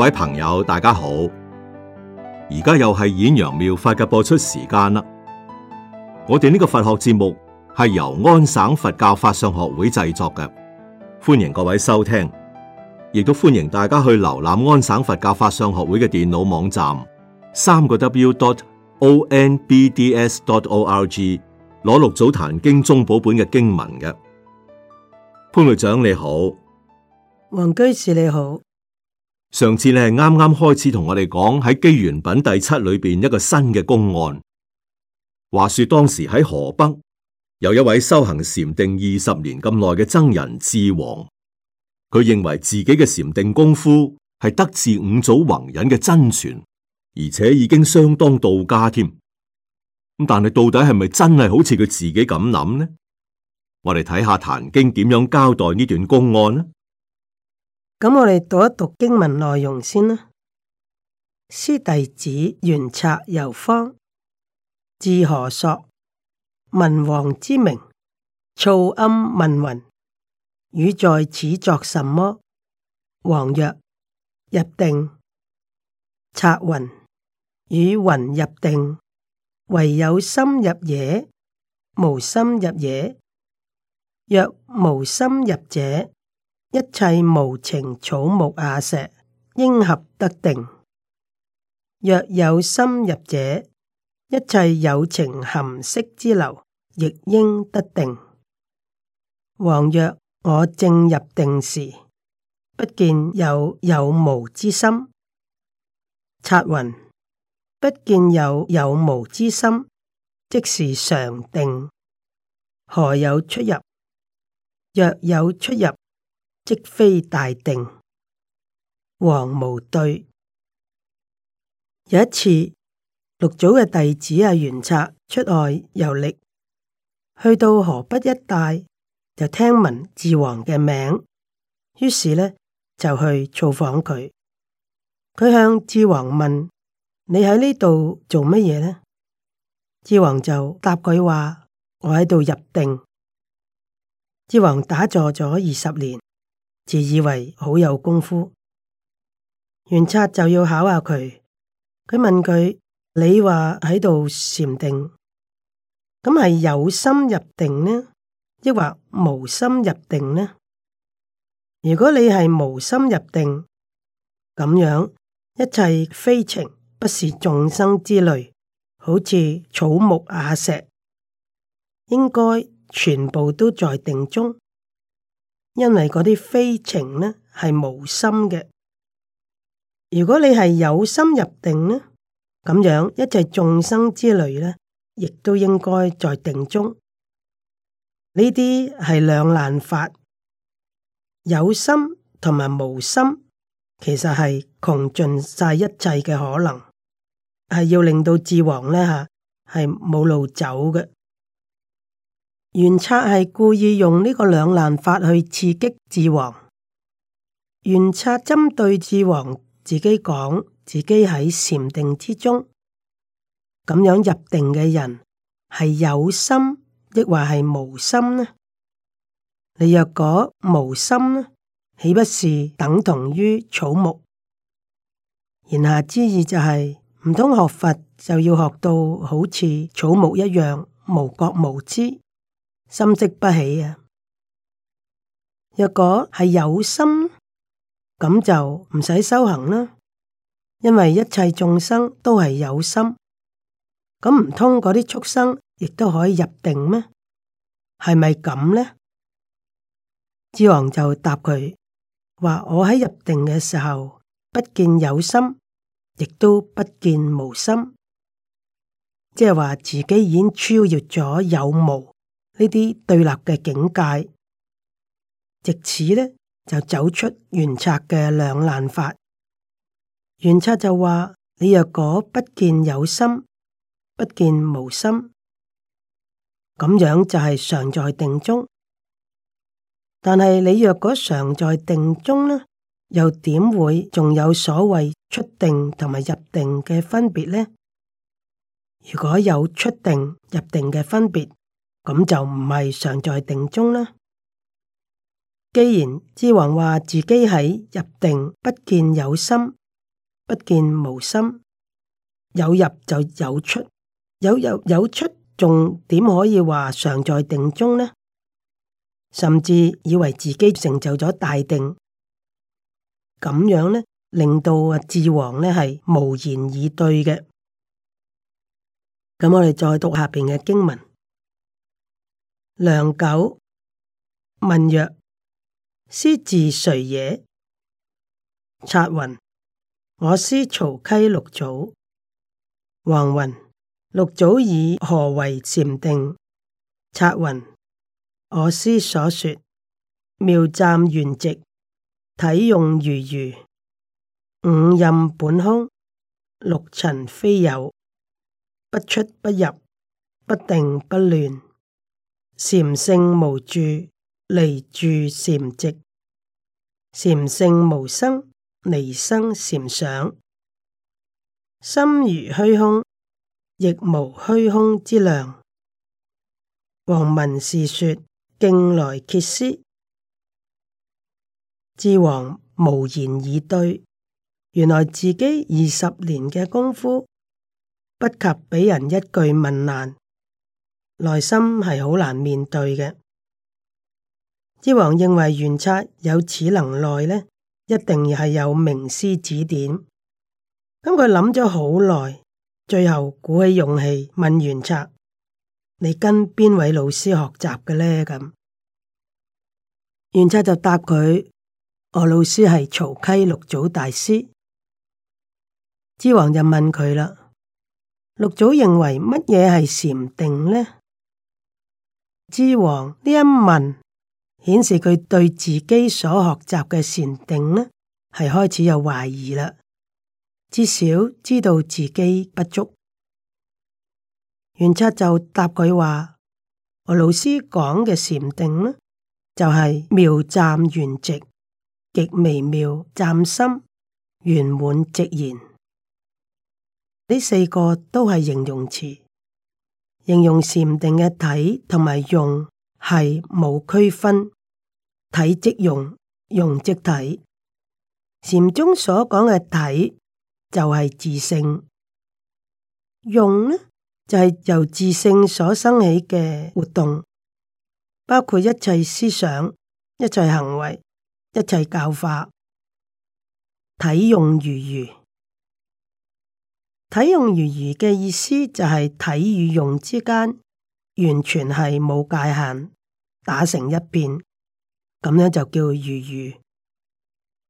各位朋友，大家好！而家又係演揚妙法嘅播出時間啦。我哋呢個佛學節目係由安省佛教法相學會製作嘅，歡迎各位收聽，亦都歡迎大家去瀏覽安省佛教法相學會嘅電腦網站，三個 w.dot.o.n.b.d.s.dot.o.r.g 攞六祖壇經宗寶本嘅經文嘅。潘會長你好，黃居士你好。上次咧，啱啱開始同我哋講喺《機緣品》第七裏邊一個新嘅公案。話說當時喺河北有一位修行禪定二十年咁耐嘅僧人智王，佢認為自己嘅禪定功夫係得自五祖弘忍嘅真傳，而且已經相當到家添。咁但係到底係咪真係好似佢自己咁諗呢？我哋睇下《壇經》點樣交代呢段公案啦。咁、嗯、我哋讀一讀經文內容先啦。師弟子緣策遊方至何所，文王之名。操暗問云：汝在此作什麼？王曰：入定。策云：與云入定，唯有心入也，無心入也。若無心入者，一切無情草木瓦石應合得定，若有心入者，一切有情含識之流亦應得定。王曰：我正入定時，不見有有無之心。策云：不見有有無之心，即是常定，何有出入？若有出入，即非大定，王無對。有一次，六祖嘅弟子啊，圓策出外遊歷，去到河北一帶，就聽聞智王嘅名，於是呢，就去造訪佢。佢向智王問：「你喺呢度做乜嘢呢？」智王就答佢話：「我喺度入定。」智王打坐咗二十年。自以為好有功夫，玄策就要考下佢。佢問佢：你話喺度禪定，咁係有心入定呢，抑或無心入定呢？如果你係無心入定，咁樣一切非情不是眾生之類，好似草木瓦石，應該全部都在定中。因為嗰啲非情呢係無心嘅。如果你係有心入定呢，咁樣一切眾生之類呢，亦都應該在定中。呢啲係兩難法，有心同埋無心，其實係窮盡晒一切嘅可能，係要令到智王呢吓係冇路走嘅。元策係故意用呢個兩難法去刺激智王。元策針對智王自己講，自己喺禪定之中咁樣入定嘅人係有心，抑或係無心呢？你若果無心呢，豈不是等同於草木？言下之意就係唔通學佛就要學到好似草木一樣無覺無知。心積不起啊！若果係有心，咁就唔使修行啦。因為一切眾生都係有心，咁唔通嗰啲畜生亦都可以入定咩？係咪咁呢？智王就答佢，話我喺入定嘅時候，不見有心，亦都不見無心，即係話自己已經超越咗有無。呢啲對立嘅境界，直此咧就走出圓測嘅兩難法。圓測就話：你若果不見有心，不見無心，咁樣就係常在定中。但係你若果常在定中呢，又點會仲有所謂出定同埋入定嘅分別呢？如果有出定入定嘅分別。咁就唔係常在定中啦。既然智王話自己喺入定，不見有心，不見無心，有入就有出，有入有出，仲點可以話常在定中呢？甚至以為自己成就咗大定，咁樣呢，令到啊智王呢係無言以對嘅。咁我哋再讀下邊嘅經文。良久，問曰：師自誰也？策云：我師曹溪六祖。隍云：六祖以何為禪定？策云：我師所說，妙湛圓寂，體用如如，五蘊本空，六塵非有，不出不入，不定不亂。禪性無住，離住禪寂；禪性無生，離生禪想。心如虛空，亦無虛空之量。王文是說：徑來謁師，智王無言以對。原來自己二十年嘅功夫，不及俾人一句問難。內心係好難面對嘅。之王認為玄策有此能耐呢，一定係有名師指點。咁佢諗咗好耐，最後鼓起勇氣問玄策：「你跟邊位老師學習嘅呢？」咁玄策就答佢：「我老師係曹溪六祖大師。」之王就問佢啦：「六祖認為乜嘢係禪定呢？」之王呢一問，顯示佢對自己所學習嘅禪定呢，係開始有懷疑啦。至少知道自己不足，玄策就答佢話：我老師講嘅禪定呢，就係妙湛圓寂，極微妙湛心圓滿寂然，呢四個都係形容詞。形容禪定嘅體同埋用係冇區分，體即用，用即體。禪宗所講嘅體就係自性，用呢就係、是、由自性所生起嘅活動，包括一切思想、一切行為、一切教法，體用如如。體用如如嘅意思就係體與用之間完全係冇界限，打成一片，咁樣就叫如如。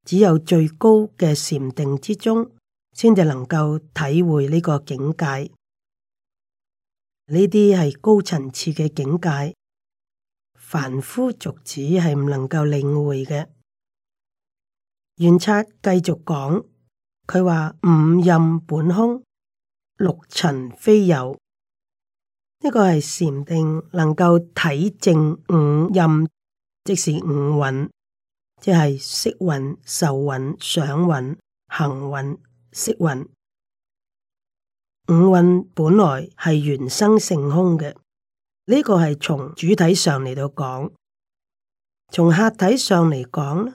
只有最高嘅禪定之中，先至能夠體會呢個境界。呢啲係高層次嘅境界，凡夫俗子係唔能夠領會嘅。圓測繼續講，佢話五蘊本空。六塵非有，呢、這個係禪定能夠體證五蘊，即是五蘊，即係色蘊、受蘊、想蘊、行蘊、識蘊。五蘊本來係原生性空嘅，呢、這個係從主體上嚟到講，從客體上嚟講咧，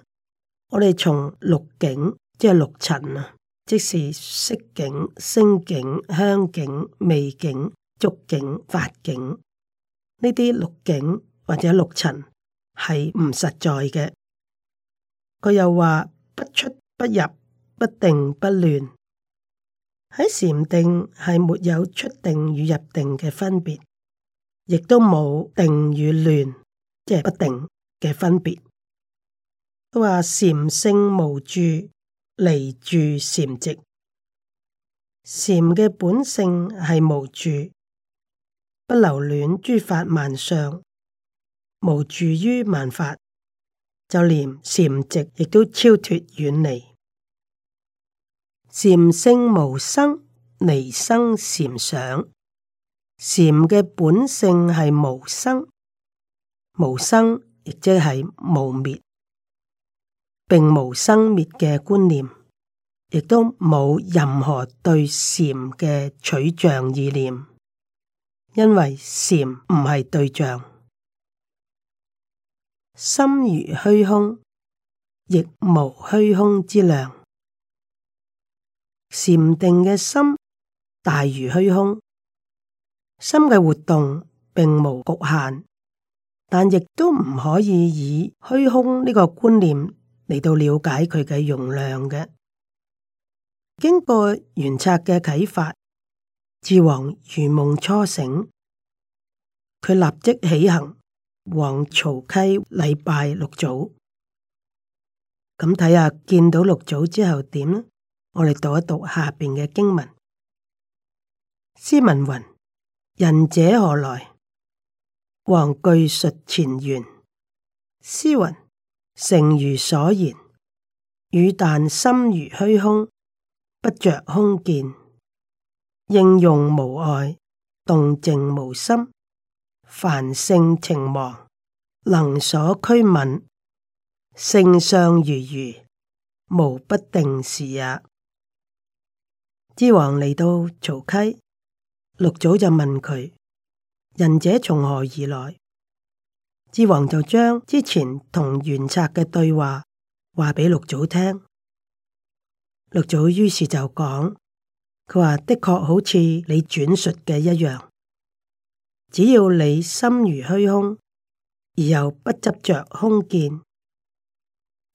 我哋從六境，即係六塵啊。即是色境、聲境、香境、味境、觸境、法境，呢啲六境或者六塵係唔實在嘅。佢又話不出不入，不定不亂。喺禪定係沒有出定與入定嘅分別，亦都冇定與亂，即係不定嘅分別。佢話禪性無住。離住禪寂，禪嘅本性係無住，不留戀諸法萬相，無住於萬法，就連禪寂亦都超脱遠離。禪性無生，離生禪想，禪嘅本性係無生，無生亦即係無滅。並無生滅嘅觀念，亦都冇任何對禪嘅取象意念，因為禪唔係對象。心如虛空，亦無虛空之量。禪定嘅心大如虛空，心嘅活動並無局限，但亦都唔可以以虛空呢個觀念嚟到了解佢嘅容量嘅。經過玄策嘅啟發，智王如夢初醒，佢立即起行往曹溪禮拜六祖。咁睇下見到六祖之後點呢？我哋讀一讀下邊嘅經文：師文云，仁者何來？王具述前緣，師云。誠如所言，汝但心如虛空，不着空見，應用無礙，動靜無心，凡聖情忘，能所俱泯，性相如如，無不定時也。智隍嚟到曹溪，六祖就問佢：仁者從何而來？智王就將之前同玄策嘅對話話畀六祖聽，六祖於是就講：佢話的確好似你轉述嘅一樣，只要你心如虛空，而又不執着空見，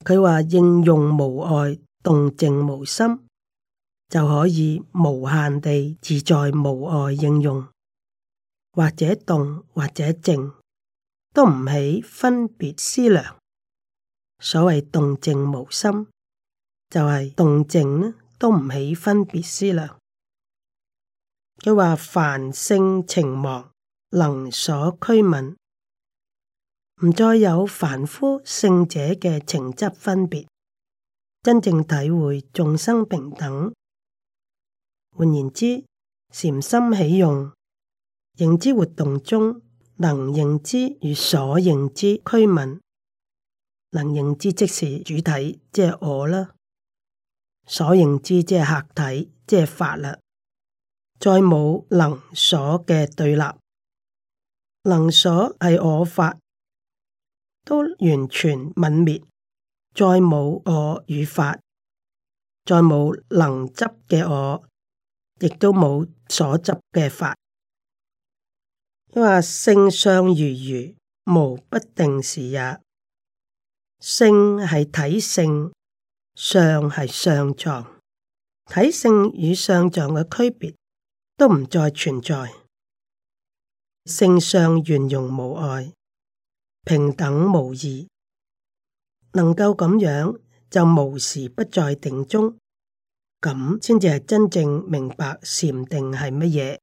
佢話應用無礙，動靜無心，就可以無限地自在無礙應用，或者動或者靜。都唔起分別思量，所謂動靜無心，就係、是、動靜呢都唔起分別思量。佢話凡聖情亡，能所俱泯，唔再有凡夫聖者嘅情執分別，真正體會眾生平等。換言之，禪心起用，認知活動中。能認知與所認知，區問。能認知即是主體，即係我啦；所認知即係客體，即係法啦。再冇能所嘅對立，能所係我法，都完全泯滅，再冇我與法，再冇能執嘅我，亦都冇所執嘅法。因為性相如如，無不定時也。性係體性，相係相狀。體性與相狀嘅區別都唔再存在。性相圓融無礙，平等無異。能夠咁樣就無時不在定中，咁先至係真正明白禪定係乜嘢。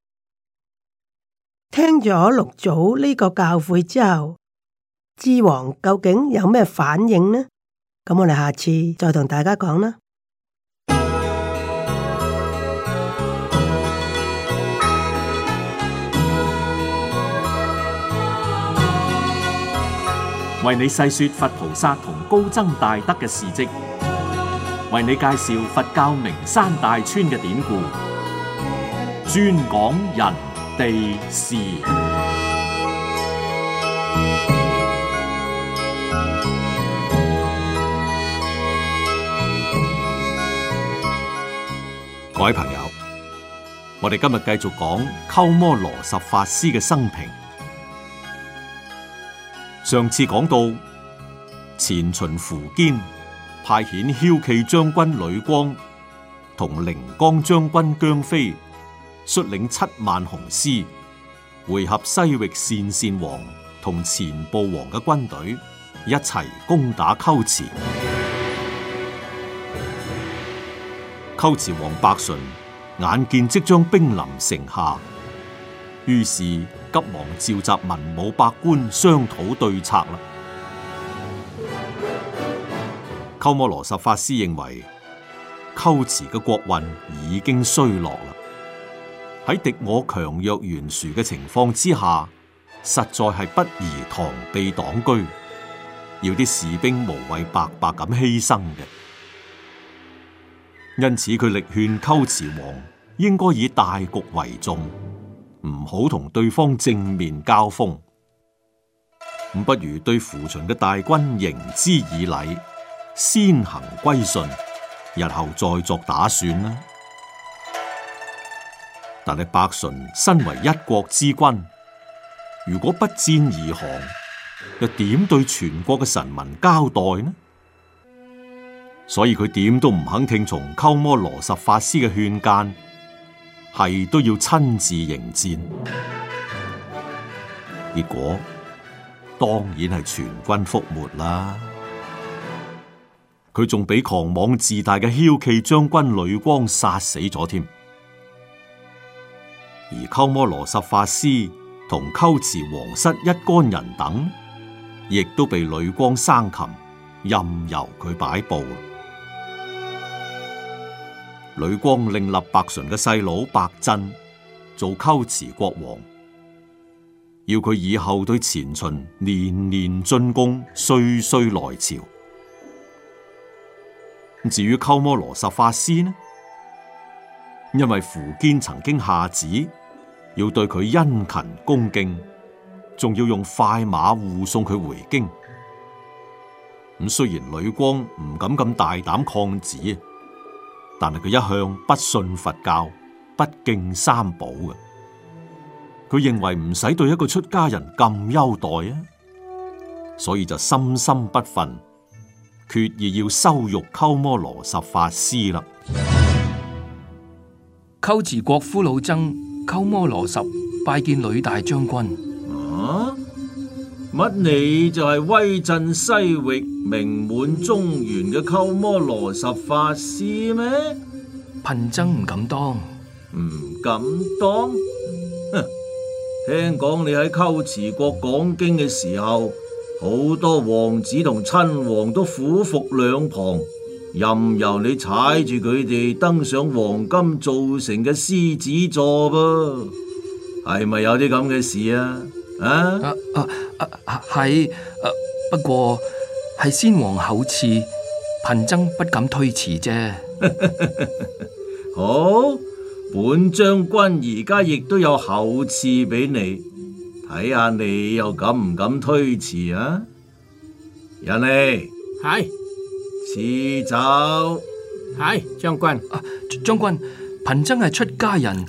聽咗六祖呢個教誨之後，智王究竟有咩反應呢？咁我哋下次再同大家講啦。為你細說佛菩薩同高僧大德嘅事跡，為你介紹佛教名山大川嘅典故，專講人地事，各位朋友，我哋今日繼續講鳩摩羅什法師嘅生平。上次講到前秦苻堅派遣驍騎將軍呂光同陵江將軍姜飛。率領七萬雄師，會合西域鄯善王同前部王嘅軍隊，一齊攻打龜茲。龜茲王白純眼見即將兵臨城下，於是急忙召集文武百官商討對策啦。鳩摩羅什法師認為，龜茲嘅國運已經衰落啦。喺敵我強弱懸殊嘅情況之下，實在係不宜螳臂擋車，要啲士兵無謂白白咁犧牲嘅。因此，佢力勸勾池王應該以大局為重，唔好同對方正面交鋒。咁不如對扶秦嘅大軍迎之以禮，先行歸順，日後再作打算啦。但係白純身為一國之君，如果不戰而降，又點對全國嘅臣民交代呢？所以佢點都唔肯聽從鳩摩羅什法師嘅勸諫，係都要親自迎戰。結果當然係全軍覆沒啦。佢仲俾狂妄自大嘅驍騎將軍呂光殺死咗添。而鳩摩羅什法師同龜茲王室一干人等，亦都被呂光生擒，任由佢擺布。呂光另立白純嘅細佬白珍做龜茲國王，要佢以後對前秦年年進攻，歲歲來朝。至於鳩摩羅什法師呢？因為苻堅曾經下旨。要對佢殷勤恭敬，仲要用快馬護送佢回京。咁雖然呂光唔敢咁大膽抗旨，但係佢一向不信佛教，不敬三寶嘅。佢認為唔使對一個出家人咁優待啊，所以就心心不忿，決意要羞辱鳩摩羅什法師啦。龜茲國夫老僧。鳩摩羅什拜見呂大將軍。乜、啊、你就係威震西域，名滿中原嘅鳩摩羅什法師咩？貧僧唔敢當，唔敢當。哼，聽講你喺龜茲國講經嘅時候，好多王子同親王都俯伏兩旁。任由你踩住佢哋登上黃金造成嘅獅子座噃，係咪有啲咁嘅事啊？啊，係、啊啊啊，不過係先王厚賜，貧僧不敢推辭啫。 好，本將軍而家亦都有厚賜俾你，睇下你又敢唔敢推辭啊？人嚟係。賜酒，係將軍，啊。將軍，貧僧係出家人，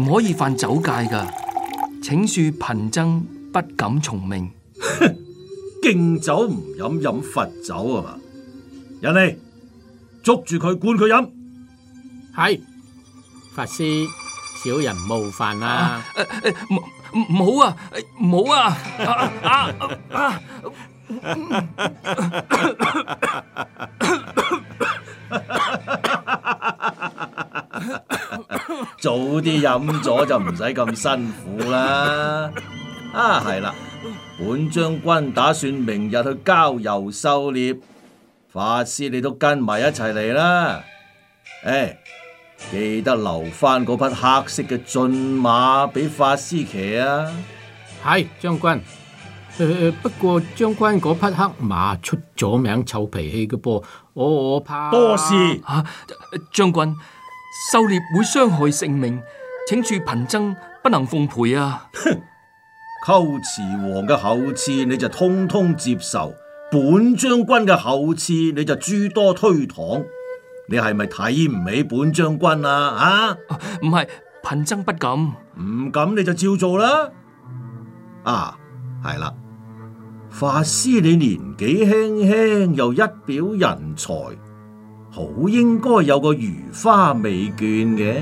唔可以犯酒戒噶，請恕貧僧不敢從命。敬 酒唔飲，飲罰酒啊！人嚟，捉住佢，灌佢飲。係法師，小人冒犯啦。誒誒，唔唔好啊，唔好啊啊！啊啊啊啊啊啊啊啊 早啲飲咗就唔使咁辛苦啦！啊，係啦，本將軍打算明日去郊遊狩獵，法師你都跟埋一齊嚟啦。誒、哎，記得留返嗰匹黑色嘅駿馬俾法師騎啊！係將軍。呃、不過將軍嗰匹黑馬出咗名臭脾氣嘅噃。我我怕多事啊！將軍狩獵會傷害性命，請恕貧僧不能奉陪啊！哼，寇遲王嘅厚賜你就通通接受，本將軍嘅厚賜你就諸多推搪，你係咪睇唔起本將軍啊？啊，唔係、啊，貧僧不敢。唔敢、嗯、你就照做啦！啊，係啦。法師，你年紀輕輕又一表人才，好應該有個如花美眷嘅。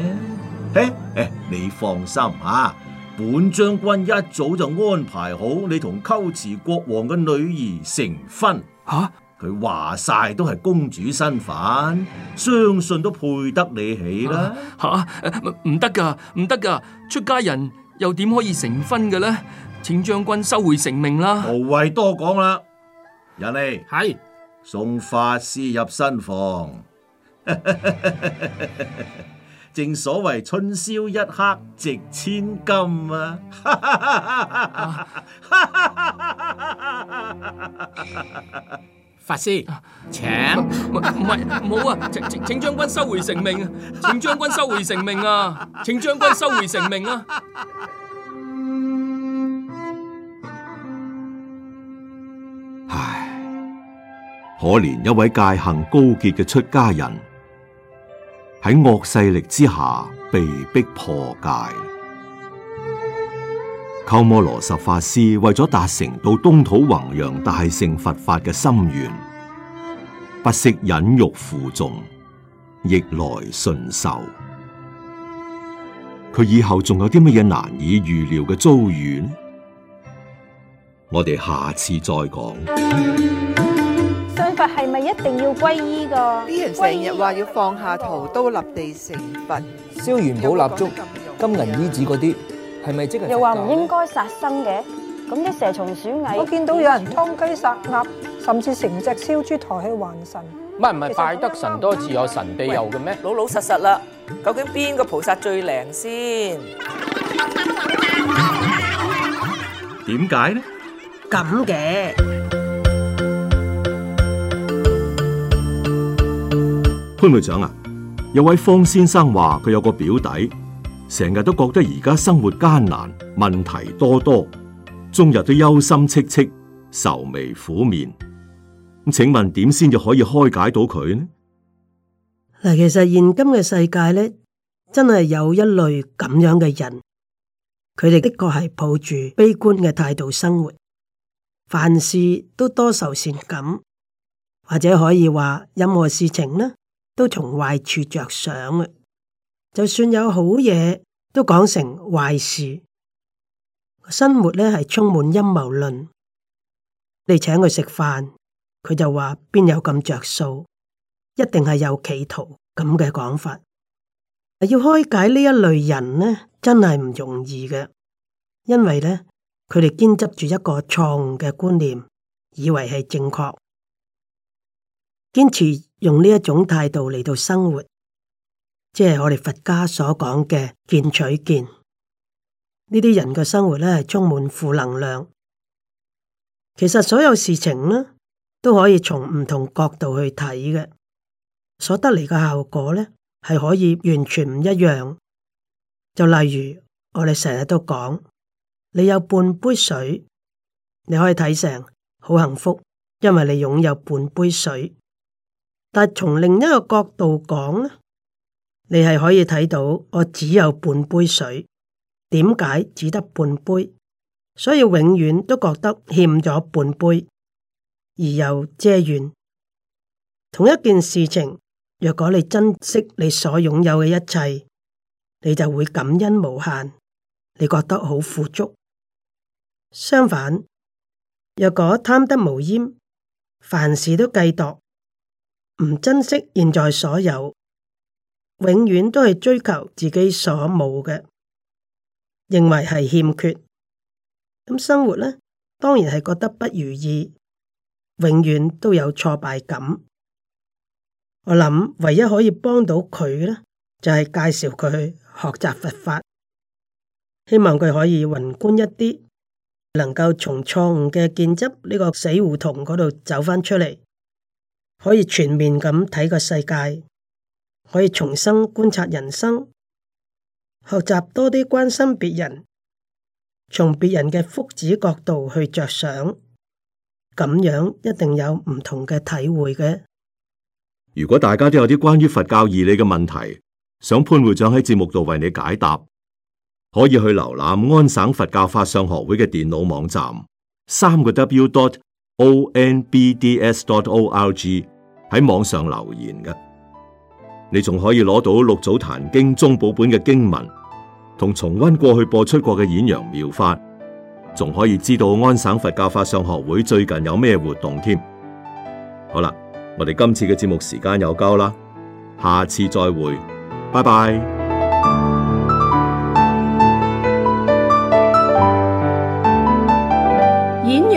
誒誒、欸，你放心吓，啊，本將軍一早就安排好你同鳩慈國王嘅女兒成婚。吓，啊，佢話晒都係公主身份，相信都配得你起啦。吓，啊，唔得噶，唔得噶，出家人又點可以成婚嘅咧？請將軍收回成命啦！無謂多講啦，人嚟，係送法師入新房，正所謂春宵一刻值千金啊！法師，請唔係唔好啊！請請將軍收回成命啊！請將軍收回成命啊！請將軍收回成命啊！唉，可憐一位戒行高潔嘅出家人，喺惡勢力之下，被逼破戒。鳩摩羅什法師為咗達成到東土弘揚大乘佛法嘅心願，不惜忍辱負重，逆來順受。佢以後仲有啲乜嘢難以預料嘅遭遇？我哋下次再講。信佛係咪一定要皈依㗎？呢人成日話要放下屠刀立地成佛，燒元寶蠟燭、金銀衣紙嗰啲，係咪即係？又話唔應該殺生嘅，咁啲蛇蟲鼠蟻，我見到有人殺雞殺鴨，甚至成隻燒豬抬去還神。唔係唔係，拜得神多自有神庇佑嘅咩？老老實實啦，究竟邊個菩薩最靈先？點解呢？咁嘅潘會長啊，有位方先生話佢有個表弟，成日都覺得而家生活艱難，問題多多，終日都憂心戚戚，愁眉苦面。咁請問點先至可以開解到佢呢？嗱，其實現今嘅世界咧，真係有一類咁樣嘅人，佢哋的確係抱住悲觀嘅態度生活。凡事都多愁善感，或者可以話任何事情呢，都從壞處着想嘅。就算有好嘢，都講成壞事。生活呢係充滿陰謀論。你請佢食飯，佢就話邊有咁着數，一定係有企圖咁嘅講法。要開解呢一類人呢，真係唔容易嘅，因為呢。佢哋堅持住一個錯誤嘅觀念，以為係正確，堅持用呢一種態度嚟到生活，即係我哋佛家所講嘅見取見。呢啲人嘅生活咧係充滿負能量。其實所有事情咧都可以從唔同角度去睇嘅，所得嚟嘅效果咧係可以完全唔一樣。就例如我哋成日都講。你有半杯水，你可以睇成好幸福，因為你擁有半杯水。但係從另一個角度講，你係可以睇到我只有半杯水。點解只得半杯？所以永遠都覺得欠咗半杯，而又嗟怨。同一件事情，若果你珍惜你所擁有嘅一切，你就會感恩無限，你覺得好富足。相反，若果貪得無厭，凡事都計度，唔珍惜現在所有，永遠都係追求自己所冇嘅，認為係欠缺，咁生活呢，當然係覺得不如意，永遠都有挫敗感。我諗唯一可以幫到佢呢，就係、是、介紹佢去學習佛法，希望佢可以宏觀一啲。能夠從錯誤嘅見執呢、這個死胡同嗰度走翻出嚟，可以全面咁睇個世界，可以重新觀察人生，學習多啲關心別人，從別人嘅福祉角度去着想，咁樣一定有唔同嘅體會嘅。如果大家都有啲關於佛教義理嘅問題，想潘會長喺節目度為你解答，可以去瀏覽安省佛教法相學會嘅電腦網站，三個 w.dot o n b d s.dot o r g 喺網上留言嘅。你仲可以攞到六祖壇經中寶本嘅經文，同重温過去播出過嘅演揚妙法，仲可以知道安省佛教法相學會最近有咩活動添。好啦，我哋今次嘅節目時間又夠啦，下次再會，拜拜。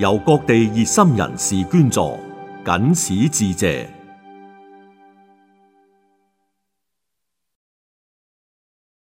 由各地熱心人士捐助，僅此致謝。